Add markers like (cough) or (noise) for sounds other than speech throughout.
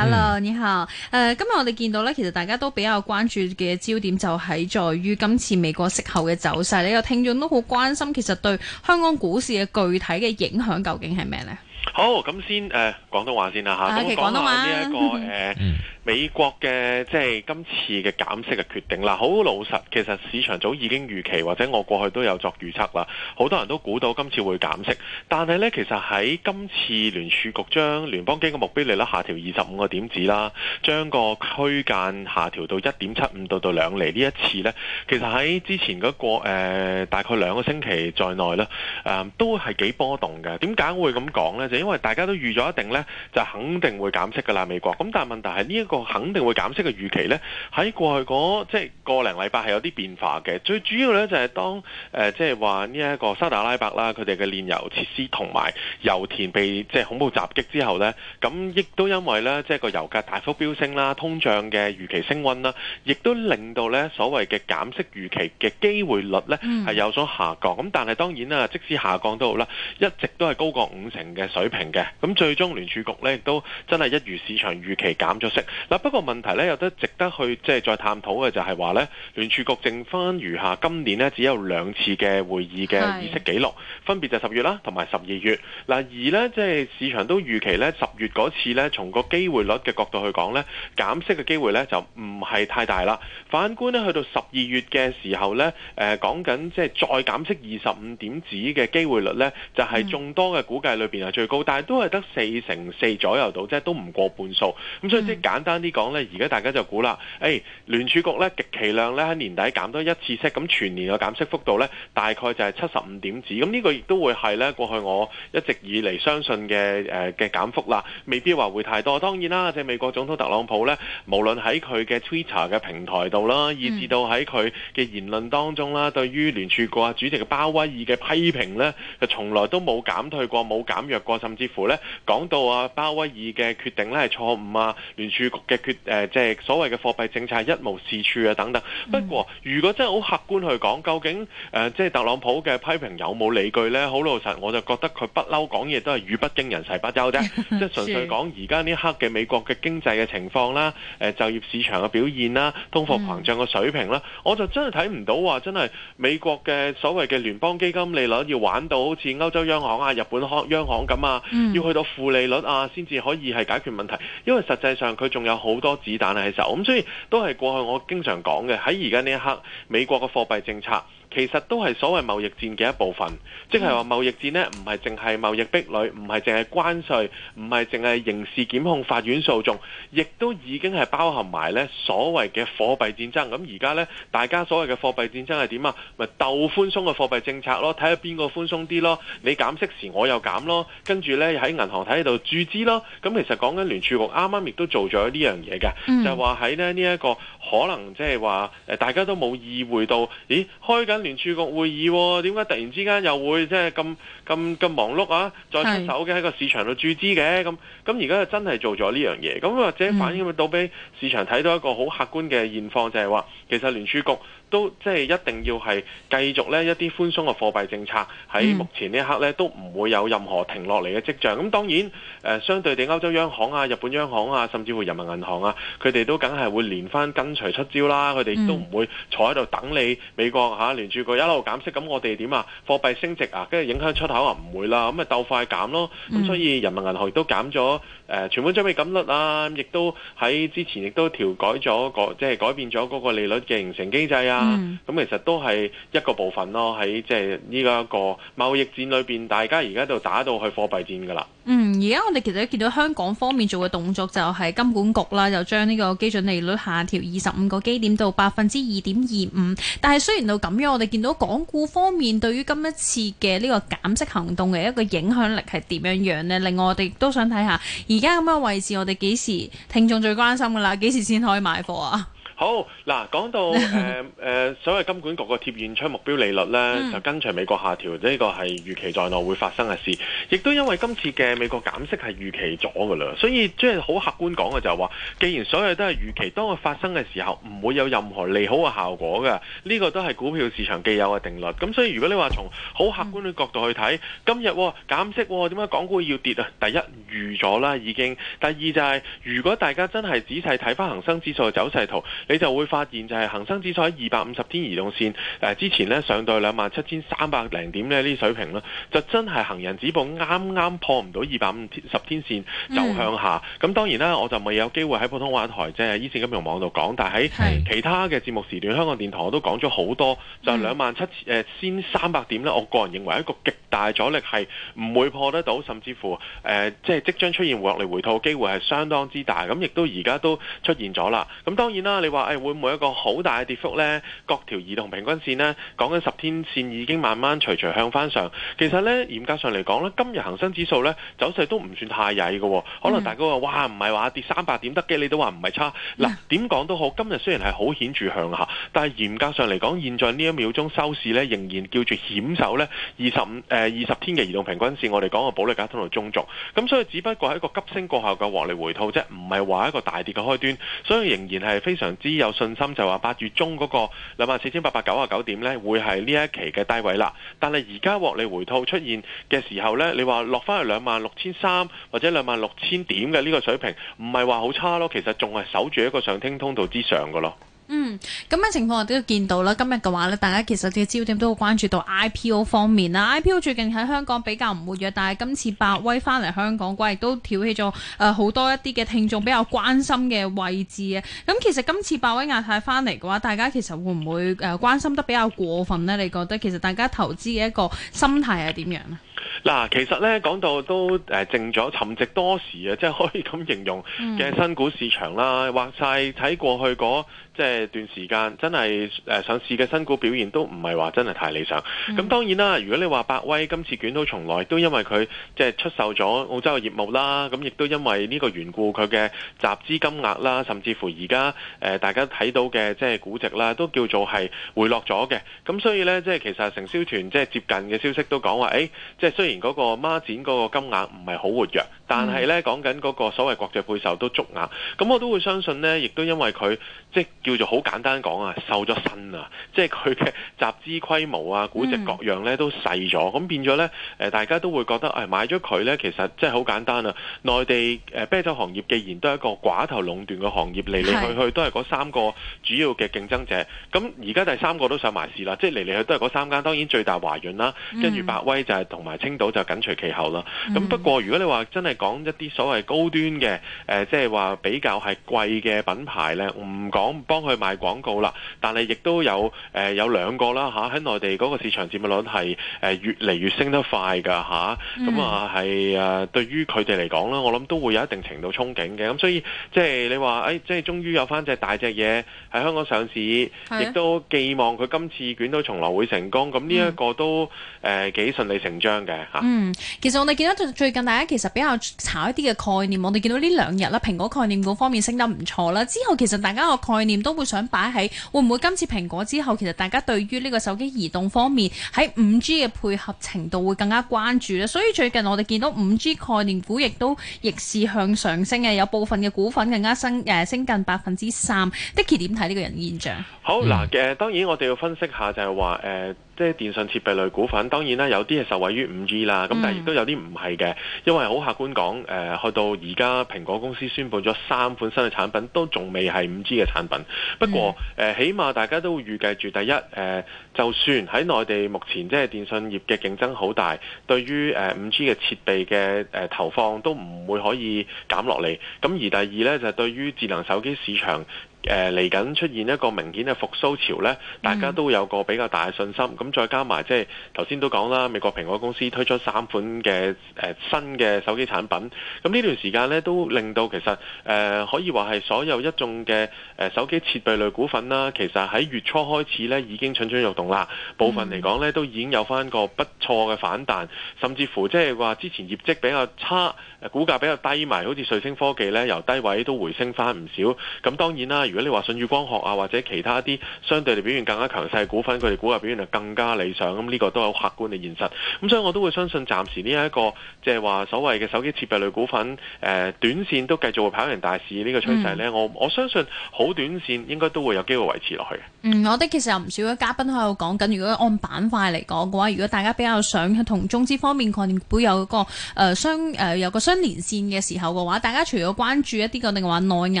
Hello，你好。誒，uh，今日我哋見到咧，其實大家都比較關注嘅焦點就喺在於今次美國息後嘅走勢。呢個聽眾都好關心，其實對香港股市嘅具體嘅影響究竟係咩咧？好，咁先誒、呃、廣東話先啦嚇，講到呢一、這個誒、啊呃、美國嘅即係今次嘅減息嘅決定啦。好老實，其實市場早已經預期，或者我過去都有作預測啦。好多人都估到今次會減息，但係呢，其實喺今次聯儲局將聯邦基金目標利率下調二十五個點子啦，將個區間下調到一點七五到到兩厘呢一次呢。其實喺之前嗰、那個、呃、大概兩個星期在內呢，誒、呃、都係幾波動嘅。點解會咁講呢？就因為大家都預咗一定呢，就肯定會減息㗎啦，美國。咁但係問題係呢一個肯定會減息嘅預期呢，喺過去嗰即係個零禮拜係有啲變化嘅。最主要呢、呃，就係當即係話呢一個沙特阿拉伯啦，佢哋嘅煉油設施同埋油田被即係、即係、恐怖襲擊之後呢，咁亦都因為呢，即係個油價大幅飆升啦，通脹嘅預期升溫啦，亦都令到呢所謂嘅減息預期嘅機會率呢係有所下降。咁、嗯、但係當然啦，即使下降都好啦，一直都係高過五成嘅。水平嘅，咁最終聯儲局咧亦都真係一如市場預期減咗息。嗱不過問題咧有得值得去即係再探討嘅就係話咧聯儲局剩翻餘下，下今年咧只有兩次嘅會議嘅議息記錄，是分別就十月啦同埋十二月。嗱而咧即係市場都預期咧十月嗰次咧從個機會率嘅角度去講咧減息嘅機會咧就唔係太大啦。反觀咧去到十二月嘅時候咧誒、呃、講緊即係再減息二十五點子嘅機會率咧就係、是、眾多嘅估計裏邊係、嗯、最。高，但都係得四成四左右度，即係都唔過半數。咁所以即係簡單啲講呢，而家、嗯、大家就估啦，誒、哎、聯儲局呢極其量呢，喺年底減多一次息，咁全年嘅減息幅度呢，大概就係七十五點子。咁呢個亦都會係呢過去我一直以嚟相信嘅嘅、呃、減幅啦，未必話會太多。當然啦，即係美國總統特朗普呢，無論喺佢嘅 Twitter 嘅平台度啦，嗯、以至到喺佢嘅言論當中啦，對於聯儲局啊主席嘅鮑威爾嘅批評呢，就從來都冇減退過，冇減弱過。甚至乎咧，講到啊鮑威爾嘅決定咧係錯誤啊，聯儲局嘅決誒即係所謂嘅貨幣政策係一無是處啊等等。不過如果真係好客觀去講，究竟誒、呃、即係特朗普嘅批評有冇理據咧？好老實，我就覺得佢不嬲講嘢都係語不驚人不、死不休啫。即係純粹講而家呢刻嘅美國嘅經濟嘅情況啦，誒、呃、就業市場嘅表現啦，通貨膨脹嘅水平啦， (laughs) 我就真係睇唔到話真係美國嘅所謂嘅聯邦基金利率要玩到好似歐洲央行啊、日本央央行咁啊。啊，要去到負利率啊，先至可以係解決問題。因為實際上佢仲有好多子彈喺手，咁所以都係過去我經常講嘅，喺而家呢一刻，美國嘅貨幣政策。其實都係所謂貿易戰嘅一部分，即係話貿易戰呢唔係淨係貿易壁壘，唔係淨係關稅，唔係淨係刑事檢控、法院訴訟，亦都已經係包含埋呢所謂嘅貨幣戰爭。咁而家呢，大家所謂嘅貨幣戰爭係點啊？咪鬥寬鬆嘅貨幣政策咯，睇下邊個寬鬆啲咯。你減息時我又減咯，跟住呢喺銀行睇度注資咯。咁其實講緊聯儲局啱啱亦都做咗呢樣嘢㗎，嗯、就係話喺呢呢一個可能即係話誒，大家都冇意會到，咦？開緊。聯儲局會議，點解突然之間又會即係咁咁咁忙碌啊？再出手嘅喺個市場度注資嘅咁咁，而家是就真係做咗呢樣嘢，咁或者反映到俾市場睇到一個好客觀嘅現況，就係、是、話其實聯儲局。都即係一定要係繼續呢一啲寬鬆嘅貨幣政策，喺目前呢一刻呢都唔會有任何停落嚟嘅跡象。咁、嗯、當然誒、呃，相對地，歐洲央行啊、日本央行啊，甚至乎人民銀行啊，佢哋都梗係會連翻跟隨出招啦。佢哋都唔會坐喺度等你美國嚇、啊、聯儲局一路減息咁，我哋點啊？貨幣升值啊，跟住影響出口啊，唔會啦，咁咪鬥快減咯。咁所以人民銀行亦都減咗。誒存款準備金率啊，亦都喺之前亦都調改咗個，即係改變咗嗰個利率嘅形成機制啊。咁、嗯嗯、其實都係一個部分咯，喺即係呢個一個貿易戰裏邊，大家而家就打到去貨幣戰㗎啦。嗯，而家我哋其實都見到香港方面做嘅動作就係金管局啦，就將呢個基準利率下調二十五個基點到百分之二點二五。但係雖然到咁樣，我哋見到港股方面對於今一次嘅呢個減息行動嘅一個影響力係點樣樣呢？另外我哋都想睇下而家咁嘅位置，我哋幾時聽眾最關心噶啦？幾時先可以買貨啊？好嗱、啊，講到誒誒、呃呃、所謂金管局嘅貼現窗目標利率咧， (laughs) 就跟隨美國下調，呢、這個係預期在內會發生嘅事。亦都因為今次嘅美國減息係預期咗㗎啦，所以即係好客觀講嘅就係話，既然所有都係預期，當佢發生嘅時候，唔會有任何利好嘅效果㗎。呢、這個都係股票市場既有嘅定律。咁所以如果你話從好客觀嘅角度去睇，今日、哦、減息哦、點解港股要跌呀？第一預咗啦，已經；第二就係、是、如果大家真係仔細睇翻恒生指數嘅走勢圖。你就會發現就係恒生指數喺二百五十天移動線誒，之前呢，上到去兩萬七千三百零點呢，呢啲水平呢，就真係行人指數啱啱，破唔到二百五十天線，就向下。咁、嗯、當然啦，我就未有機會喺普通話台即係 e 線金融網度講，但係喺其他嘅節目時段，是香港電台我都講咗好多，就兩萬七千先三百點呢。嗯、我個人認為一個極大阻力係唔會破得到，甚至乎、呃就是、即係即將出現獲利回吐嘅機會係相當之大。咁亦都而家都出現咗啦。咁當然啦，你話話會唔會一個好大嘅跌幅呢？各條移動平均線呢，講緊十天線已經慢慢徐徐向翻上。其實呢，嚴格上嚟講呢今日恒生指數呢，走勢都唔算太曳嘅、哦。可能大家話哇，唔係話跌三百點得嘅，你都話唔係差。嗱，點講都好，今日雖然係好顯著向下，但係嚴格上嚟講，現在呢一秒鐘收市呢，仍然叫做險守呢二十五二十天嘅移動平均線，我哋講個保力加通道中軸。咁所以只不過係一個急升過後嘅獲利回吐啫，唔係話一個大跌嘅開端。所以仍然係非常之有信心，就話八月中嗰個兩萬四千八百九啊九點呢，會係呢一期嘅低位啦。但係而家獲利回吐出現嘅時候呢，你話落翻去兩萬六千三或者兩萬六千點嘅呢個水平，唔係話好差咯。其實仲係守住一個上升通道之上嘅咯。嗯，咁嘅情況我都要見到啦。今日嘅話呢，大家其實啲焦點都好關注到 IPO 方面啦。IPO 最近喺香港比較唔活躍，但係今次百威翻嚟香港嘅話，亦都挑起咗呃、好多一啲嘅聽眾比較關心嘅位置啊。咁其實今次百威亞太翻嚟嘅話，大家其實會唔會誒、呃、關心得比較過分呢？你覺得其實大家投資嘅一個心態係點樣呢？嗱，其實呢講到都誒靜咗沉寂多時啊，即係可以咁形容嘅新股市場啦，嗯、或晒睇過去嗰。即係段時間真係誒上市嘅新股表現都唔係話真係太理想。咁當然啦，如果你話百威今次捲土重來，都因為佢即係出售咗澳洲嘅業務啦。咁亦都因為呢個緣故，佢嘅集資金額啦，甚至乎而家誒大家睇到嘅即係估值啦，都叫做係回落咗嘅。咁所以呢，即係其實承銷團即係接近嘅消息都講話，誒即係雖然嗰個孖展嗰個金額唔係好活躍，但係呢講緊嗰個所謂國際配售都足額。咁我都會相信呢，亦都因為佢即係叫做好簡單講啊，瘦咗身啊，即係佢嘅集資規模啊、估值各樣咧都細咗，咁、嗯、變咗咧、呃、大家都會覺得誒、哎、買咗佢咧，其實即係好簡單啊。內地誒、呃、啤酒行業既然都係一個寡頭壟斷嘅行業，嚟嚟的去去都係嗰三個主要嘅競爭者。咁而家第三個都上埋市啦，即係嚟嚟去都係嗰三間。當然最大華潤啦，跟住百威就係同埋青島就緊隨其後啦。咁、嗯、不過如果你話真係講一啲所謂高端嘅誒，即係話比較係貴嘅品牌咧，唔講幫幫佢賣廣告啦，但係亦都有誒、呃、有兩個啦嚇，喺、啊、內地嗰個市場佔有率係誒、呃、越嚟越升得快㗎嚇，咁啊係誒、嗯呃、對於佢哋嚟講啦，我諗都會有一定程度憧憬嘅，咁所以即係你話誒、哎、即係終於有翻隻大隻嘢喺香港上市，亦、啊、都寄望佢今次捲土重來會成功，咁呢一個都誒幾、嗯呃、順理成章嘅嚇。啊、嗯，其實我哋見到最近大家其實比較炒一啲嘅概念，我哋見到呢兩日啦，蘋果概念嗰方面升得唔錯啦，之後其實大家個概念都都會想擺喺，會唔會今次蘋果之後，其實大家對於呢個手機移動方面喺五 G 嘅配合程度會更加關注咧？所以最近我哋見到五 G 概念股亦都逆市向上升嘅，有部分嘅股份更加升，誒升近百分之三。的其點睇呢個現象？好嗱、嗯，嘅當然我哋要分析下就係話，誒即係電信設備類股份，當然啦，有啲係受惠於五 G 啦，咁但係亦都有啲唔係嘅，因為好客觀講，誒、呃、去到而家蘋果公司宣布咗三款新嘅產品，都仲未係五 G 嘅產品。不過，誒、呃、起碼大家都預計住，第一，誒、呃、就算喺內地目前即係電信業嘅競爭好大，對於 5G 嘅設備嘅、呃、投放都唔會可以減落嚟。咁而第二呢，就係對於智能手機市場。嚟緊、呃、出現一個明顯嘅復甦潮呢，大家都有個比較大嘅信心。咁、嗯、再加埋即係頭先都講啦，美國蘋果公司推出三款嘅、呃、新嘅手機產品。咁呢段時間呢，都令到其實誒、呃、可以話係所有一眾嘅、呃、手機設備類股份啦、啊。其實喺月初開始呢，已經蠢蠢欲動啦。部分嚟講呢，都已經有翻個不錯嘅反彈，甚至乎即係話之前業績比較差。誒股價比較低迷，好似瑞星科技呢，由低位都回升翻唔少。咁當然啦，如果你話信譽光學啊，或者其他啲相對地表現更加強勢嘅股份，佢哋股價表現就更加理想。咁呢個都係好客觀嘅現實。咁所以我都會相信，暫時呢、這、一個即係話所謂嘅手機設備類股份，誒短線都繼續會跑贏大市呢個趨勢呢，嗯、我我相信好短線應該都會有機會維持落去。嗯，我哋其實有唔少嘅嘉賓喺度講緊，如果按板塊嚟講嘅話，如果大家比較想同中資方面可能會有個誒相誒有個。呃相連線嘅時候嘅話，大家除咗關注一啲個定話內銀、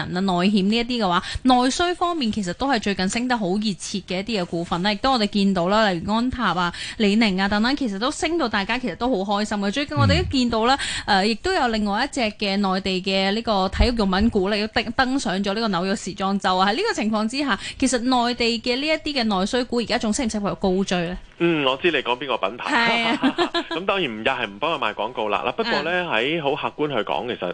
啊、內險呢一啲嘅話，內需方面其實都係最近升得好熱切嘅一啲嘅股份啦，亦都我哋見到啦，例如安踏啊、李寧啊等等，其實都升到大家其實都好開心嘅。最近我哋都見到啦，誒、嗯，亦、呃、都有另外一隻嘅內地嘅呢個體育用品股咧，登登上咗呢個紐約時裝週啊。喺呢個情況之下，其實內地嘅呢一啲嘅內需股而家仲適唔適合高追呢？嗯，我知你講邊個品牌，咁、啊、 (laughs) 當然唔又係唔幫佢賣廣告啦。嗱，不過呢，喺好、嗯、客觀去講，其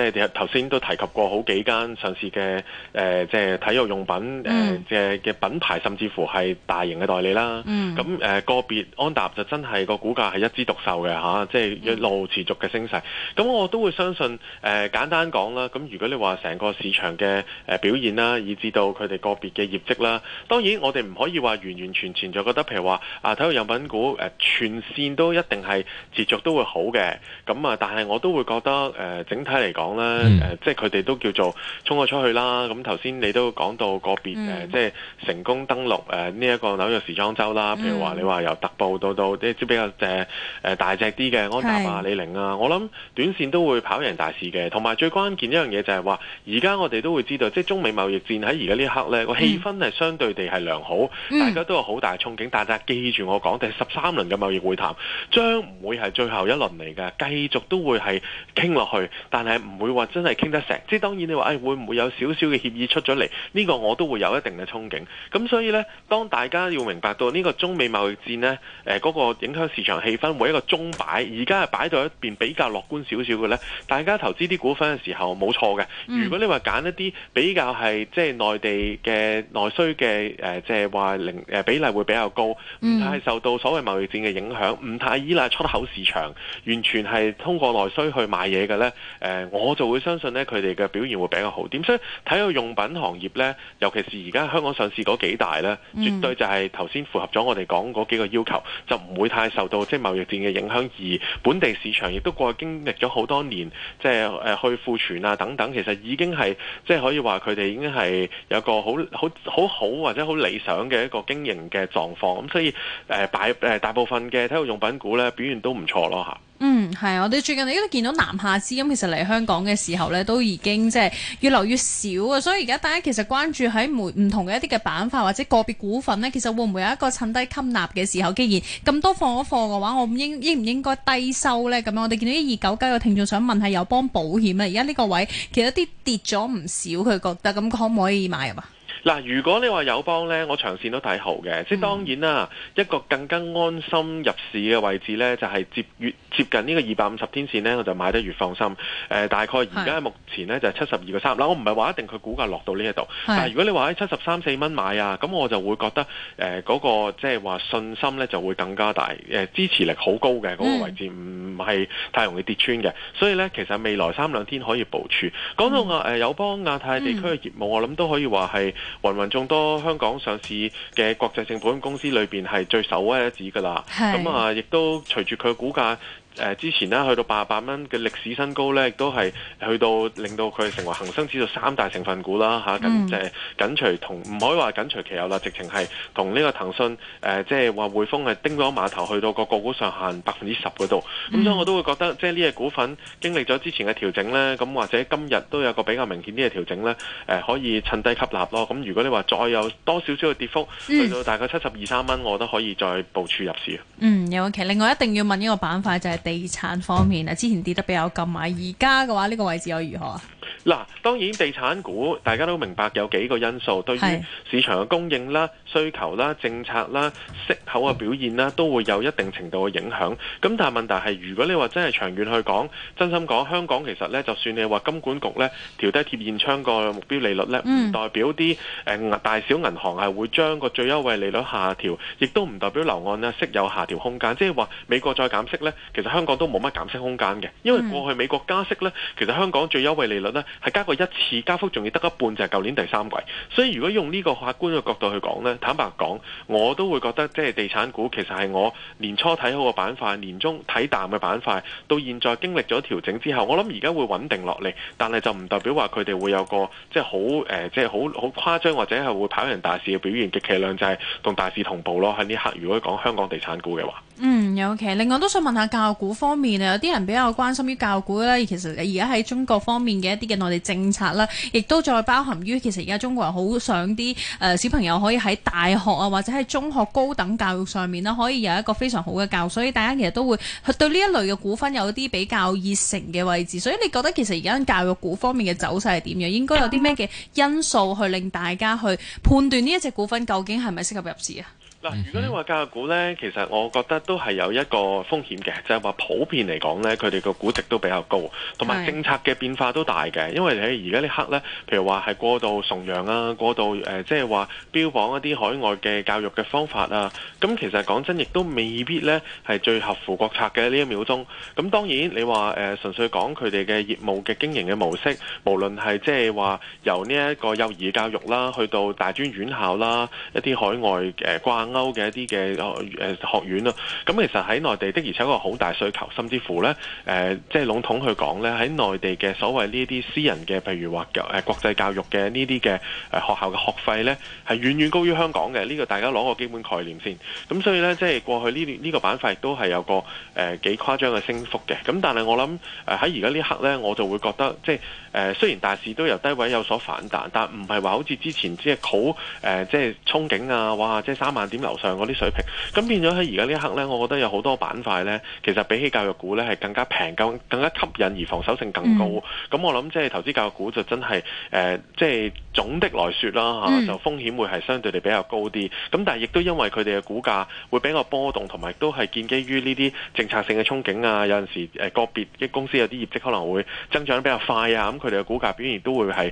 實即係頭先都提及過好幾間上市嘅，誒、即、呃、係、就是、體育用品誒嘅嘅品牌，甚至乎係大型嘅代理啦。咁誒、嗯、個別安踏就真係個股價係一枝獨秀嘅，吓，即係一路持續嘅升勢。咁我都會相信誒、呃，簡單講啦。咁如果你話成個市場嘅誒表現啦，以至到佢哋個別嘅業績啦，當然我哋唔可以話完完全全就覺得，譬如話體育用品股誒、呃，全線都一定係持續都會好嘅。咁、嗯、啊，但係我都會覺得誒、呃，整體嚟講咧，誒、嗯呃，即係佢哋都叫做衝咗出去啦。咁頭先你都講到個別誒、呃，即係成功登陸誒呢一個紐約時裝週啦。譬如話你話由特步到到啲即、嗯、比較誒、呃、大隻啲嘅安踏啊、李寧啊，我諗短線都會跑贏大市嘅。同埋最關鍵一樣嘢就係話，而家我哋都會知道，即係中美貿易戰喺而家呢一刻呢個氣氛係相對地係良好，嗯、大家都有好大憧憬，嗯、但係大家記住。我講，第十三輪嘅貿易會談將唔會係最後一輪嚟嘅，繼續都會係傾落去，但係唔會話真係傾得成。即係當然你話，誒、哎、會唔會有少少嘅協議出咗嚟？呢、這個我都會有一定嘅憧憬。咁所以呢，當大家要明白到呢個中美貿易戰呢誒嗰、呃那個影響市場氣氛每一個鐘擺，而家係擺到一邊比較樂觀少少嘅呢，大家投資啲股份嘅時候冇錯嘅。如果你話揀一啲比較係即係內地嘅內需嘅誒，即係話零、呃、比例會比較高。呃嗯係受到所謂貿易戰嘅影響，唔太依賴出口市場，完全係通過內需去買嘢嘅呢誒，我就會相信呢佢哋嘅表現會比較好啲，所以體育用品行業呢，尤其是而家香港上市嗰幾大呢，絕對就係頭先符合咗我哋講嗰幾個要求，就唔會太受到即係、就是、貿易戰嘅影響，而本地市場亦都過去經歷咗好多年，即係去庫存啊等等，其實已經係即係可以話佢哋已經係有個好好好好或者好理想嘅一個經營嘅狀況。咁所以。誒，大誒，大部分嘅體育用品股咧表現都唔錯咯，吓。嗯，係，我哋最近咧都見到南下資金其實嚟香港嘅時候咧，都已經即係越流越少啊。所以而家大家其實關注喺唔同嘅一啲嘅板塊或者個別股份咧，其實會唔會有一個趁低吸納嘅時候？既然咁多放咗貨嘅話，我應應唔應該低收咧？咁樣我哋見到一二九九嘅聽眾想問係友邦保險啊，而家呢個位其實啲跌咗唔少，佢覺得咁可唔可以買啊？嗱，如果你話友邦呢，我長線都睇好嘅，即係當然啦、啊。嗯、一個更加安心入市嘅位置呢，就係、接、越接近呢個二百五十天線呢，我就買得越放心。呃、大概而家目前呢，是就係七十二個三啦。我唔係話一定佢股價落到呢一度，是但如果你話喺七十三四蚊買啊，咁我就會覺得誒嗰、呃那個即係話信心呢就會更加大，誒、呃、支持力好高嘅嗰、那個位置唔係、嗯、太容易跌穿嘅。所以呢，其實未來三兩天可以部署。講到亞誒友邦亞太地區嘅業務，嗯嗯、我諗都可以話係。芸芸眾多香港上市嘅國際性保險公司裏邊，係最首屈一指㗎啦。咁的、嗯、啊，亦都隨住佢嘅股價。誒、呃、之前呢，去到八十八蚊嘅歷史新高呢，亦都係去到令到佢成為恒生指數三大成分股啦嚇、啊，緊就係、嗯、緊隨同唔可以話緊隨其後啦，直情係同呢個騰訊誒，即係話匯豐係叮咗碼頭去到個個股上限百分之十嗰度。咁、嗯、所以我都會覺得即係呢隻股份經歷咗之前嘅調整呢，咁、嗯、或者今日都有個比較明顯啲嘅調整呢，誒、呃、可以趁低吸納咯。咁如果你話再有多少少嘅跌幅、嗯、去到大概七十二三蚊，我都可以再部署入市啊。嗯，有其另外一定要問呢個板塊就係、是。地產方面啊，之前跌得比較急嘛，而家嘅話呢個位置又如何啊？嗱，當然地產股大家都明白有幾個因素，對於市場嘅供應啦、需求啦、政策啦、息口嘅表現啦，都會有一定程度嘅影響。咁但係問題係，如果你話真係長遠去講，真心講，香港其實咧，就算你話金管局咧調低貼現窗個目標利率咧，唔代表啲誒大小銀行係會將個最優惠利率下調，亦都唔代表樓按咧息有下調空間。即係話美國再減息咧，其實香港都冇乜減息空間嘅，因為過去美國加息咧，其實香港最優惠利率咧，係加過一次加幅，仲要得一半，就係、是、舊年第三季。所以如果用呢個客觀嘅角度去講呢，坦白講，我都會覺得即係地產股其實係我年初睇好嘅板塊，年中睇淡嘅板塊，到現在經歷咗調整之後，我諗而家會穩定落嚟，但係就唔代表話佢哋會有個即係好誒，即係好好誇張或者係會跑贏大市嘅表現。極其量，就係同大市同步咯。喺呢刻，如果講香港地產股嘅話，嗯 o、okay。其另外都想問一下教育股方面啊，有啲人比較關心於教育股咧。其實而家喺中國方面嘅一啲嘅。我哋政策啦，亦都再包含於，其實而家中國人好想啲誒、呃、小朋友可以喺大學啊，或者喺中學高等教育上面啦、啊，可以有一個非常好嘅教育，所以大家其實都會去對呢一類嘅股份有啲比較熱誠嘅位置。所以你覺得其實而家教育股方面嘅走勢係點樣？應該有啲咩嘅因素去令大家去判斷呢一隻股份究竟係咪適合入市啊？嗱，如果你話教育股呢，其實我覺得都係有一個風險嘅，就係話普遍嚟講呢，佢哋個估值都比較高，同埋政策嘅變化都大嘅。因為你而家呢刻呢，譬如話係過度崇洋啊，過度誒即係話標榜一啲海外嘅教育嘅方法啊。咁其實講真，亦都未必呢係最合乎國策嘅呢一秒鐘。咁當然你話誒純粹講佢哋嘅業務嘅經營嘅模式，無論係即係話由呢一個幼兒教育啦，去到大專院校啦，一啲海外嘅關。歐嘅一啲嘅誒學院，咁其實喺內地的而且確有個好大需求，甚至乎、呃就是、呢，誒，即係籠統去講呢，喺內地嘅所謂呢啲私人嘅，譬如話誒國際教育嘅呢啲嘅學校嘅學費呢，係遠遠高於香港嘅。呢、這個大家攞個基本概念先。咁所以呢，即、就、係、是、過去呢呢、這個板塊都係有個誒幾誇張嘅升幅嘅。咁但係我諗誒喺而家呢刻呢，我就會覺得即係誒、呃、雖然大市都由低位有所反彈，但唔係話好似之前即係好誒即係憧憬啊，哇！即係三萬點。樓上嗰啲水平，咁變咗喺而家呢一刻呢，我覺得有好多板塊呢，其實比起教育股呢，係更加平、更更加吸引而防守性更高。咁、嗯、我諗即係投資教育股就真係即係總的來說啦、啊、就風險會係相對地比較高啲。咁、嗯、但係亦都因為佢哋嘅股價會比較波動，同埋都係建基於呢啲政策性嘅憧憬啊。有陣時誒個別嘅公司有啲業績可能會增長得比較快啊，咁佢哋嘅股價表現都會係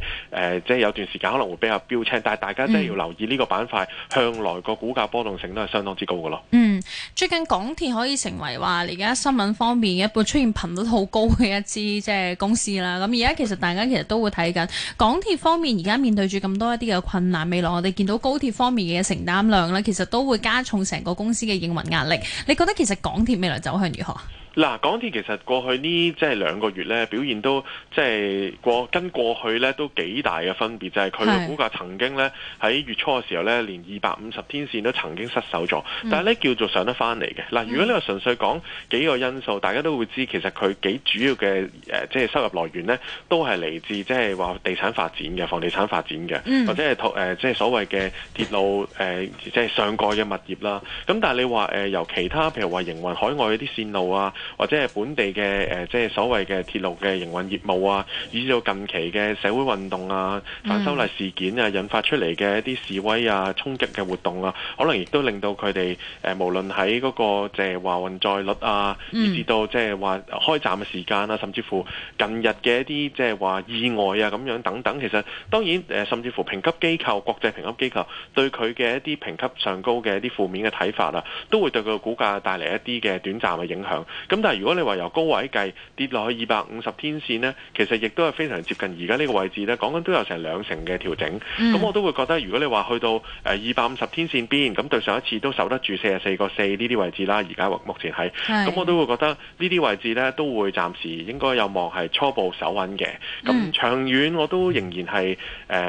即係有段時間可能會比較飆青。但係大家真係要留意呢個板塊向來個股價。波動性都係相當之高噶咯。嗯，最近港鐵可以成為話而家新聞方面一個出現頻率好高嘅一支即係公司啦。咁而家其實大家其實都會睇緊港鐵方面，而家面對住咁多一啲嘅困難，未來我哋見到高鐵方面嘅承擔量呢，其實都會加重成個公司嘅營運壓力。你覺得其實港鐵未來走向如何？嗱，港鐵其實過去呢即係兩個月咧，表現都即係過跟過去咧都幾大嘅分別，就係佢嘅股價曾經咧喺月初嘅時候咧，連二百五十天線都曾經失守咗，但係咧叫做上得翻嚟嘅。嗱，如果你話純粹講幾個因素，大家都會知其實佢幾主要嘅即係收入來源咧，都係嚟自即係話地產發展嘅，房地產發展嘅，或者即係所謂嘅鐵路誒即係上蓋嘅物業啦。咁但係你話由其他譬如話營運海外啲線路啊。或者係本地嘅誒，即、呃、係所謂嘅鐵路嘅營運業務啊，以至到近期嘅社會運動啊、反修例事件啊，引發出嚟嘅一啲示威啊、衝擊嘅活動啊，可能亦都令到佢哋誒，無論喺嗰、嗰個即係話運載率啊，以至到即係話開站嘅時間啊，甚至乎近日嘅一啲即係話意外啊咁樣等等，其實當然誒、呃，甚至乎評級機構、國際評級機構對佢嘅一啲評級上高嘅一啲負面嘅睇法啊，都會對佢嘅股價帶嚟一啲嘅短暫嘅影響。咁但係如果你話由高位計跌落去二百五十天線呢，其實亦都係非常接近而家呢個位置呢，講緊都有成兩成嘅調整。咁、嗯、我都會覺得，如果你話去到誒二百五十天線邊，咁對上一次都守得住四十四個四呢啲位置啦。而家目前係，咁是我都會覺得呢啲位置呢，都會暫時應該有望係初步守穩嘅。咁、嗯、長遠我都仍然係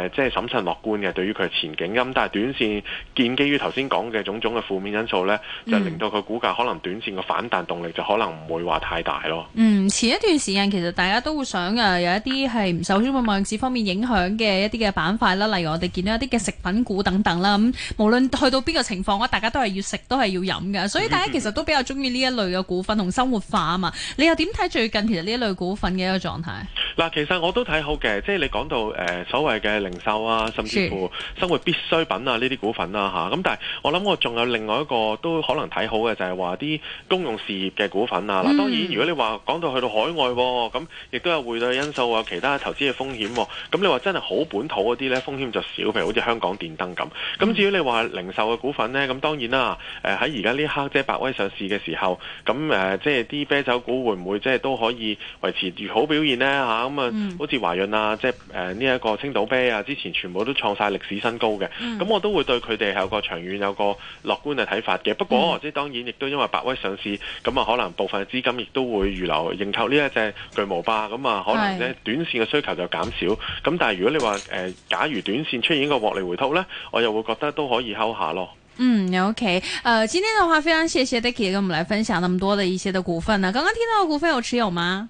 即係審慎樂觀嘅對於佢嘅前景。咁但係短線建基於頭先講嘅種種嘅負面因素呢，就是、令到佢股價可能短線嘅反彈動力就可能。唔會話太大咯。嗯，前一段時間其實大家都會想啊，有一啲係唔受中國貿易戰方面影響嘅一啲嘅板塊啦，例如我哋見到一啲嘅食品股等等啦。咁、嗯、無論去到邊個情況，大家都係要食，都係要飲嘅。所以大家其實都比較中意呢一類嘅股份同生活化啊嘛。你又點睇最近其實呢一類股份嘅一個狀態？嗱，其實我都睇好嘅，即係你講到、呃、所謂嘅零售啊，甚至乎生活必需品啊呢啲股份啦、啊、咁但係我諗我仲有另外一個都可能睇好嘅，就係話啲公用事業嘅股份。嗱，嗯、當然如果你話講到去到海外、哦，咁亦都有匯率因素啊，其他投資嘅風險、哦。咁你話真係好本土嗰啲呢，風險就少，譬如好似香港電燈咁。咁至於你話零售嘅股份呢，咁當然啦。誒喺而家呢一刻，即係百威上市嘅時候，咁誒、呃、即係啲啤酒股會唔會即係都可以維持住好表現呢？嚇，咁啊，好、嗯、似、嗯、華潤啊，即係呢一個青島啤啊，之前全部都創晒歷史新高嘅。咁、嗯、我都會對佢哋係有個長遠有個樂觀嘅睇法嘅。不過、嗯、即係當然，亦都因為百威上市，咁啊可能份資金亦都會預留認購呢一隻巨無霸咁啊，可能咧是短線嘅需求就減少。咁但係如果你話誒、呃，假如短線出現一個獲利回吐咧，我又會覺得都可以拋下咯。嗯，OK，誒、呃，今天嘅話非常謝謝 Dicky 跟我們嚟分享咁多嘅一些嘅股份啊。剛剛聽到嘅股份有持有嗎？